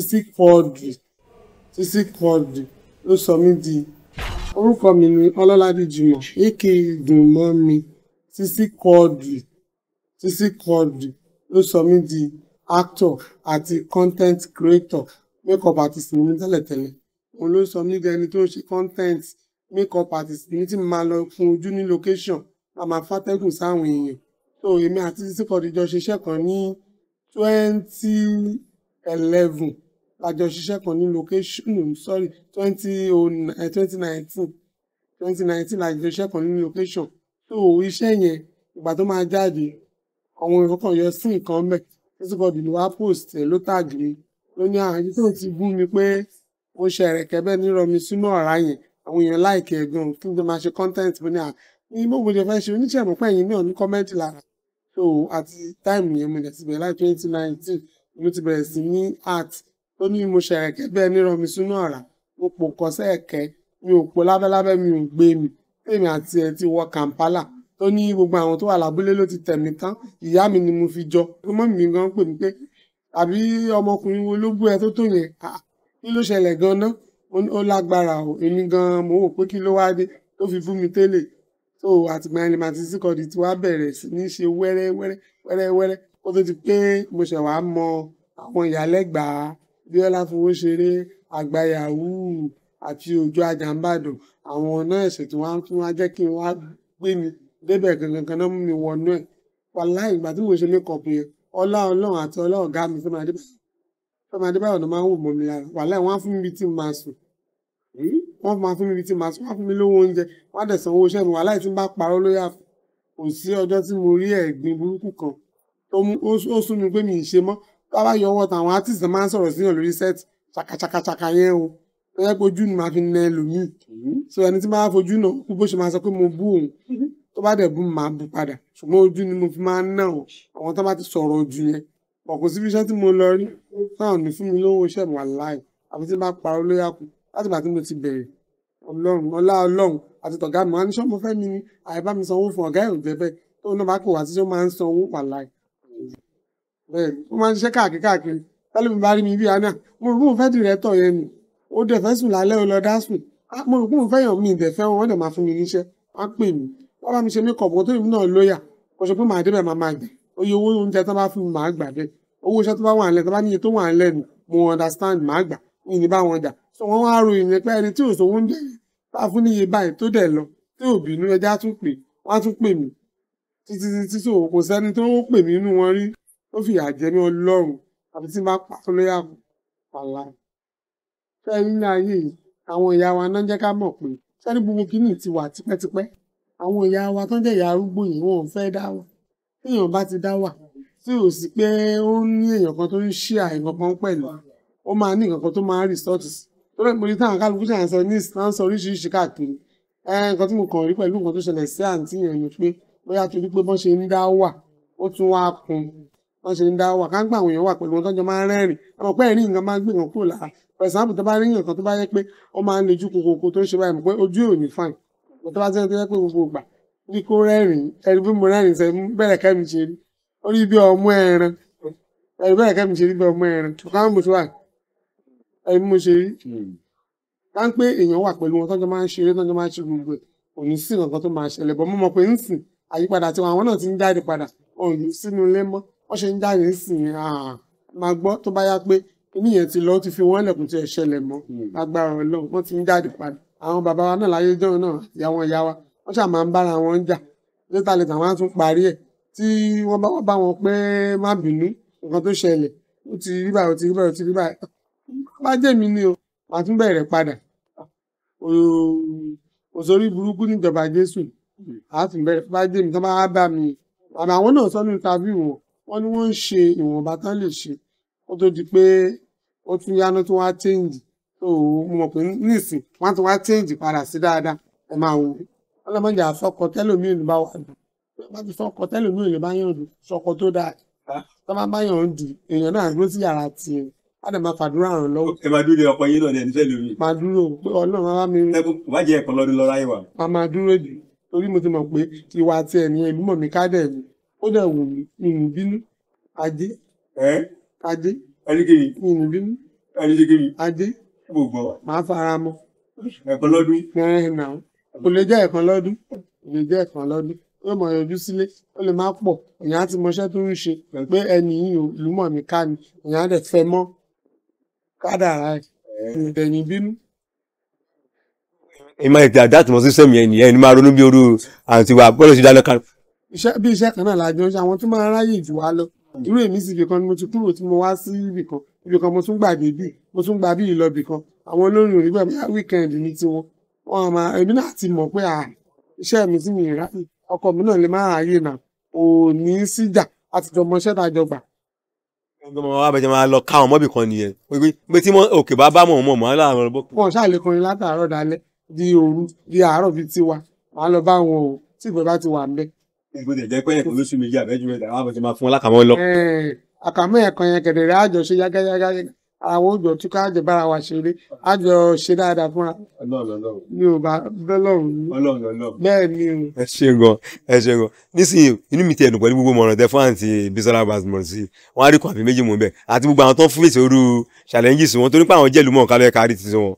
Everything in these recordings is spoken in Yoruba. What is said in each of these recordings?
sisi quadri sisi quadri ló sọ mí di orúkọ mi ni ọlọ́ládé jùmọ̀ aka dùnmọ́ mi sisi quadri sisi quadri ló sọ mí di actor àti content creator makeup artist ni mi tẹ́lẹ̀tẹ́lẹ̀ òun ló sọ mí di ẹni tó ń ṣe content makeup artist ní tí máa lọ kun ojú ní location a máa fàtẹ́gùn sáwọn èèyàn tó èmi àti sisi quadri jọ ṣiṣẹ́ kan ní twenty eleven lájọṣiṣẹ́ kan ní location sorry twenty eh, twenty nineteen twenty nineteen lájọṣiṣẹ́ kan ní location so iṣẹ́ yẹn ìgbà tó máa jáde àwọn èèyàn kan yọ sí nǹkan mẹ́ sísúkọ̀dì ló wá post ẹ̀ ló tag mi ló ní àwọn ẹni tó ti bú mi pé mo ṣe ẹ̀rẹ̀kẹ́ bẹ́ẹ̀ nírọ̀ mi sínú ọ̀rá yẹn àwọn èèyàn láìkẹ́ gan kí n tó máa ṣe content mi ní à ní gbogbo ìjọ fẹ́ ṣe oníṣẹ̀mọ̀ pẹ̀yìn náà ní kọ́mẹ́ntì lára so àti táìmù yẹn mo ti bẹ̀rẹ̀ láì twenty nineteen mo ti bẹ̀rẹ̀ sí ní art ó ní mo ṣẹ̀rẹ̀kẹ́ bẹ́ẹ̀ nírọ̀ mi sínú ọ̀rá mo pò kọ́ sẹ́ẹ̀kẹ́ mi ò po lábẹ́lábẹ́ mi ò gbé mi èmi àti ẹ̀ ti wọ Kampala tó ní gbogbo àwọn tó wà lábúlé ló ti tẹ̀mí tán ìyá mi ni mo fi jọ ọmọ mi gan pè mí pé àbí ọmọkùnrin wo ló bú ẹ tó tó yẹn kí ló ṣẹlẹ̀ gan-an ó lágbára o èmi gan-an mo wò pé kí ló wá dé tó fi fún mi tẹ́lẹ̀ tó àtìgbà ẹni màá ti síkọ̀dì tí wàá bẹ̀rẹ̀ sí ní ṣe wẹ́rẹ́ wẹ́rẹ́ wẹ́rẹ́ tó ti pé mo ṣẹ̀ wá mọ àwọn ìyálẹ́gbàá bíọ́lá fowó ṣeré àgbáyàwó àti òjò àjàmbàdàn àwọn ọ̀nà ẹ̀sìn tí wọ́n tún wá jẹ́ kí wọ́n gbé mi débẹ̀ gangan kan náà mú mi wọnú ẹ̀ wàláì ìgbà tí mo ṣe mékọ̀ọ̀pù yẹn ọlá ọlọ́run àti ọlá ọ̀gá mi fẹ́mi adébáyọ̀ fẹ́mi adébáyọ̀ ọ̀nà máa ń wò mọ́ mi lára wàláì wọ́n fún mi bíi hmm? tí mo máa sùn wọ́n máa fún mi bíi tí mo máa sùn wọ́n fún mi lówó oúnjẹ wọ́n dẹ̀ sanwó iṣẹ́ mi wàláì tí n bá parọ́ lóyà kò sí ọjọ́ tí mo rí ẹ̀gbin burúkú kan ó sún mi pé mi ì ṣe mọ́ bá yọ ọwọ́ tàwọn artist náà máa ń sọ̀rọ̀ síyàn lórí set ṣàkàṣàkàṣàkà yẹn o tó yẹ pé ojú ni màá fi nà ẹlòmíì mm-hmm. so ẹni tí máa fojú náà kú bó ṣe máa sọ pé mo bú òun mm-hmm. tó bá dẹ̀ bú màá bú padà ṣùgbọ́n ojú ni mo fi máa ń o ọ́ àwọn tó bá ti sọ̀rọ̀ ojú yẹn ọ̀kùn síbi iṣẹ́ tí mo lọ rí táwọn ní fún mi lówó iṣẹ́ mi wà láì àfi tí n bá parọ́ lóyà kù láti gbà tí mo ti bẹ̀rẹ̀ ọlọ́run ọlá ọlọ́run àti tọ̀gá mi wọn á ní sọ́mọ fẹ́ mi ni àìbá mi sanwó fún ọ̀gá ẹ̀ òjẹ́ bẹ́ẹ̀ tó náà Eh, mo máa ń ṣiṣẹ́ káàkiri káàkiri tẹ́lẹ̀ mi bá rí mi bí àná mo rò pé mo fẹ́ dìrẹ́tọ̀ yẹn ni ó dẹ̀ fẹ́ sùn lálẹ́ ó lọ dá sùn mo rò pé mo fẹ́ yàn mí ìdẹ̀ fẹ́ wọn wọ́n dẹ̀ máa fún mi níṣẹ́ wọ́n á pè mí wọ́n bá mi ṣe mékọ̀ọ̀bù kó tó ìmú náà lóyà kò ṣe pé màá débẹ̀ máa máa gbẹ̀ oye owó oúnjẹ tó bá fún mi màá gbà dé owó iṣẹ́ tó bá wà nílẹ̀ tó bá níye tó wà nílẹ̀ mo understand màá gbà ní bá wọn jà so wọ́n wá ro ìyẹn pé ẹni tí òṣò oúnjẹ bá fún níye báyìí tó dẹ̀ lọ tí ò bínú ẹjẹ́ tún pè wọ́n tún pè mí títí títí so kò sẹ́ni tó pè mí nínú wọn rí ó fi àjẹ́ ní ọlọ́run àti tí bá pa tó lóyà pàlà. fẹ́ nílé ayé yìí àwọn ìyá wa náà jẹ́ ká mọ̀ pé sẹ́ni gbogbo kìíní ti wà tipẹ́tipẹ́ àwọn ìyá wa tó ń jẹ́ ìyá arúgbó yìí wọn ò fẹ́ dá wà téèyàn bá ti dá wà tí ò sí pé ó ní èèyàn kan tó ń ṣe àìkan kan pẹ̀lú ó máa ní nǹkan tó máa ń rìsọ́ọ̀tì sí tó lè mórí táwọn kálukú ṣàn sọ ní ìsìn náà sọ oríṣiríṣi káàkiri nǹkan tí mo kàn rí pẹ̀lú nǹkan tó ṣẹlẹ̀ sí àǹtí yẹn ni pé bóyá torí pé bọ́n ṣe ń dá wà ó tún wá kun wọ́n ṣe ń dá wà káńgbà àwọn èèyàn wà pẹ̀lú wọn tọ́jọ́ máa ń rẹ́rìn àmọ́ pé ẹ̀rín nǹkan máa ń gbé nǹkan kúrò lára for example tó bá rí nǹkan tó bá yẹ pé ó máa ń le ju kòkòkò tó ń ṣe báyìí mọ̀ pé ojú ò ní fine mọ̀ tó bá jẹ́ tó yẹ pé gbogbo ìgbà bí kò rẹ́rìn ẹni bí mo rẹ́rìn sẹ́ bẹ̀rẹ̀ kẹ́mi ṣe rí orí bí ọmọ ẹran ẹni bẹ̀rẹ̀ kẹ́mi ṣe rí bí ọmọ ẹran káwọn mo ti wà ẹni bí mo ṣe rí hmm. ká ń pé èèyàn wà pẹ̀lú wọ́n ṣe ń jáde sí i máa gbọ́ tó bá yá pé kíní yẹn ti lọ ó ti fi wọ́n lẹ̀kùn tí ẹ ṣẹlẹ̀ mọ́ hmm. lágbára ọlọ́run wọ́n ti ń jáde padà àwọn bàbá wa náà láyé jọ́ọ̀ náà ìyá wọn ìyá wa wọ́n ṣáà máa ń bára wọn jà létà létà wọn á tún parí ẹ̀ tí wọ́n bá wọ́n bá wọn pé má bínú nǹkan tó ṣẹlẹ̀ ó ti rí báyìí ó ti rí báyìí ó ti rí báyìí bá jẹ́ mi ni o màá tún bẹ̀rẹ̀ padà òṣòrí burúkú níjọba Jésù hmm. àá tún bẹ̀rẹ̀ bá jẹ́ mi tó bá bá mi àmọ́ àwọn náà sọ ní interview wọn wọ́n ní wọ́n ń ṣe ìwọ̀nba tán lè ṣe ó tó di pé ó tún yáná tó wá change tó mo mọ̀ pé nísìn wọ́n ti wá change padà sí dáadáa ẹ máa wò ó ọlọ́mọdé àfọkọ tẹ́lòmíì ló bá wà dùn bá ti sọkọ tẹ́lòmíì ló bá yàn dùn sọkọ tó dáa ah. tó bá bá yàn dùn èèyàn náà dúró sí yàrá tiẹ̀ a dẹ̀ máa fàdúrà ràn lọ́wọ́. ẹ máa dúró de ọkọ yín náà ní ẹni fẹ́ lómi. máa dúró pé ọlọ́run máa bá mi. ẹkún wá jẹ ẹ̀kọ́ lọ́dún lọ́ra yìí wà. máa máa dúró jù torí mo ti mọ̀ pé ìwà àti ẹ̀mí ìlú mọ̀ mi ká dẹ̀ mi ó dẹ̀ wù mí mi ì bínú ajé ajé ẹnikẹ́ni mi ì bínú ẹnikẹ́ni ajé mo gbọ́ màá fara mọ́ ẹ̀kan lọ́dún. mẹ́rin náà kò lè jẹ́ ẹ̀kan lọ́dún kò lè jẹ́ ẹ̀kan lọ́dún yóò mọ ìyọjú sílé ó lè má pọ̀ èèyàn á ti mọṣẹ́ tó ń ṣe pé ẹni yìí ò ìlú mí ká ni èèyàn á dẹ̀ fẹ́ mọ́ kádàrá ẹ̀ tẹ̀yìn bínú. ìmọ̀ ìtàdá tí mo sì sẹ́mi ẹ̀ nìyẹn ni máa ronú bí orú àǹtí wa bọ́lá ti dáná kan iṣẹ́ bí iṣẹ́ kan náà lájọ ṣe àwọn tí máa ráyè jù wá lọ irú èmi sì ibìkan ni mo ti kúrò tí mo wá sí ibìkan ibìkan mo tún gbà débì mo tún gbà bí ìlọ ibìkan àwọn olórin òní gbà bóyá wíkẹ́ndì ni tiwọn wọn àmà èmi náà ti mọ̀ pé iṣẹ́ mi sì mi ráyè ọkọ mi náà lè má ráyè náà ò ní síjà àtijọ́ mọṣẹ́ dájọ́ gbà. ọgbọ́n wa bẹ̀jẹ̀ máa lọ ká ọmọ ibìkan nìyẹn pé tí òkè bá bá mọ̀ mọ̀ mọ́ láàárọ̀ bọ́kù. wọn ṣáà wọn o tí bó ti jẹ́ pé ẹ̀kọ́ lóṣù méjì àbẹ́jú mẹ́ta àwọn àbẹ̀tí máa fún wọn lákàmọ́ lọ. Eh, àkàmọ́ ẹ̀kan yẹn kẹ̀dẹ̀rẹ̀ àjọ ṣe yágáyágá àwọn òjò tí ká jẹ bára wa ṣeré àjọ ṣe dáadáa fúnra mi ò bá bẹ́lọ̀rùn bẹ́ẹ̀ ni o. ẹ ṣe gan ẹ ṣe gan nísìnyí inú mi ti ẹ̀dùn pẹ̀lú gbogbo mọ̀ràn tẹ fún àǹtí Bisola Badmus sí wọn á rí kọ̀ọ̀fì méjì mú bẹ́ẹ̀ àti gbogbo àwọn tó ń fún èsì orú challenges wọn torí pé àwọn jẹ́lu mọ̀ọ́ká lọ́ọ́ kárí ti wọn.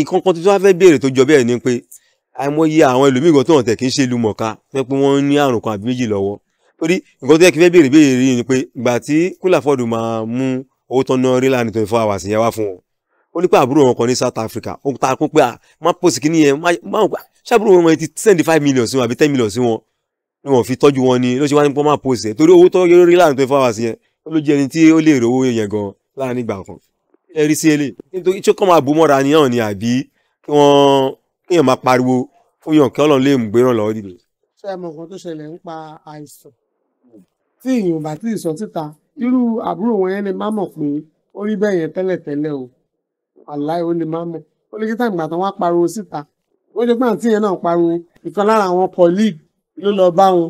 ìkọ̀ọ̀kan tuntun wá fẹ́ béèrè tó jọ bẹ́ẹ̀ ni pé àìmọye àwọn ẹlòmíì gan tó hàn tẹ̀ kí ń ṣe ìlú mọ̀ká pé wọ́n ní àrùn kan àbí méjì lọ́wọ́ torí nǹkan tó yẹ kí fẹ́ béèrè béèrè rí ni pé ìgbà tí Kúlàfọ́ọ̀d máa mú owó tán ná rí láàrin twenty four hours yẹn wá fún wọn ó ní pé àbúrò wọn kan ní South Africa ó ta kún pé à má post kí nìyẹn má wọn ṣàbúrò wọn ti send five million sí wọn àbí ten million sí wọn ni wọn fi tọ́jú wọn ni ló ṣe wá ní pọ́n má post ẹ̀ torí owó tó rí láàrin twenty four hours yẹn ó ló jẹ́ ẹni tí ó lè rí owó yẹn gan láàrin ìgbà kan ẹ rí sí eléyìí nítorí tí ó kàn máa bò mọ́ra ni náà ni àbí kí wọ́n kéèyàn máa pariwo fún yàn kí ọlọ́run lè mú gbéràn lọ́wọ́ dìde. ṣé ẹ mọ nǹkan tó ṣẹlẹ̀ ń pa àìsàn tí èèyàn bá tí ì sọ síta irú àbúrò wọn yẹn lè má mọ̀ pé ó rí bẹ́ẹ̀ yẹn tẹ́lẹ̀tẹ́lẹ̀ o àláì ó lè má mọ̀ ó lè kíta ìgbà tán wá pariwo síta ó jẹ́ pé àǹtí yẹn náà pariwo ìkan lára àwọn colleague ló lọ bá wọn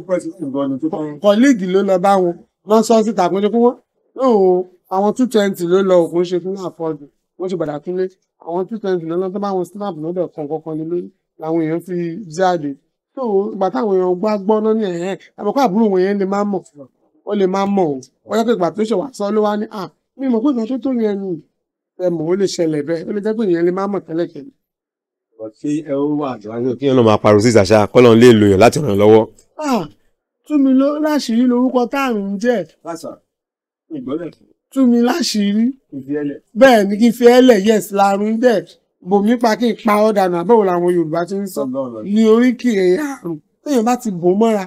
colleague ló lọ bá wọn lọ sọ síta pé ó jẹ́ pé wọ́n àwọn two twenty ló lọ òkú ṣe fún àfọ́dù wọ́n ṣe padà kúnlé àwọn two twenty lọ́nà tó bá wọn snap lọ́dọ̀ kọ̀ọ̀kan lé lórí làwọn èèyàn fi jáde tó ìgbà táwọn èèyàn gbá gbọ́ náà ní ẹ̀hẹ́n àbọ̀kọ́ àbúrò wọn yẹn lè má mọ̀ ó lè má mọ̀ o wọ́n yẹ pé ìgbà tó ṣe wà sọ ló wá ní à mi mọ̀ pé nǹkan tó tó yẹn nù ẹ mọ̀ ó lè ṣẹlẹ̀ bẹ́ẹ̀ ó lè jẹ́ pé ìyẹn lè má mọ̀ tẹ́lẹ̀kẹ́lẹ̀. ọtí tú mi láṣìírí bẹ́ẹ̀ ni kí n fi ẹlẹ̀ yes larun dẹ̀ bòmí pa kí n pa ọ́ dànù àbẹ̀wò làwọn Yorùbá ti ń sọ ní oríkì àrùn téèyàn bá ti bò mọ́ra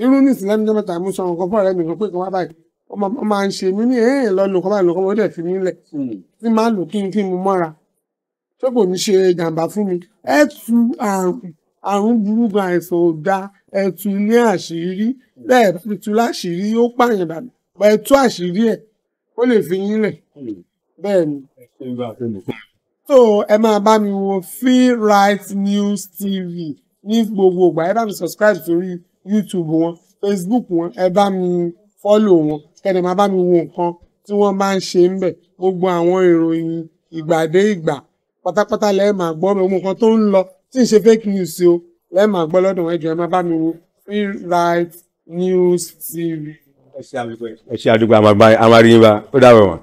irú ní ìsìlẹ́nu jẹ́ mẹ́ta mú sọ̀rọ̀ kan fún ọ̀rẹ́ mi kan pé kan wá báyìí ọmọ máa ń ṣe mí ní èèyàn lọ́nu kan báyìí lọ́kọ́ mọ́tẹ́ fi mí lẹ̀ hmm. tí máa lò kí n kí n mú mọ́ra ṣé kò ní ṣe jàǹbá fún mi ẹ tu àrùn àrùn burú àìsàn ò da ẹ tu ní àṣírí bẹ́ẹ̀ tu láṣìírí ó pààyàn dànù ẹ tú àṣírí ẹ̀ ó lè fi yín lẹ̀ bẹ́ẹ̀ ni. so ẹ máa bá mi wo free right news tv ní gbogbo ìgbà ẹ bá mi subscribe sórí youtube wọn facebook wọn ẹ bá mi follow wọn kẹ́ni máa bá mi wo nǹkan tí wọ́n bá ń ṣe ń bẹ̀ gbogbo àwọn ìròyìn ìgbà dé ìgbà pátápátá lẹ́ẹ̀ máa gbọ́ bẹ̀ gbogbo nǹkan tó ń lọ tí ń ṣe fake news o lẹ́ẹ̀ máa gbọ́ lọ́dọ̀ wọn ẹ ẹ máa bá mi wo free right news tv ẹ ṣe àdúgbò àmàgbà àmàríyìnbá ó dàbọ̀ wọn.